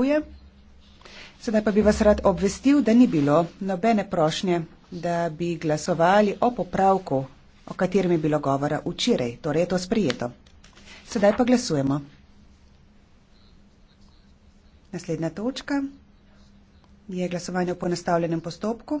pričakuje. Sedaj pa bi vas rad obvestil, da ni bilo nobene prošnje, da bi glasovali o popravku, o katerem je bilo govora včeraj. Torej je to sprijeto. Sedaj pa glasujemo. Naslednja točka je glasovanje v ponastavljenem postopku.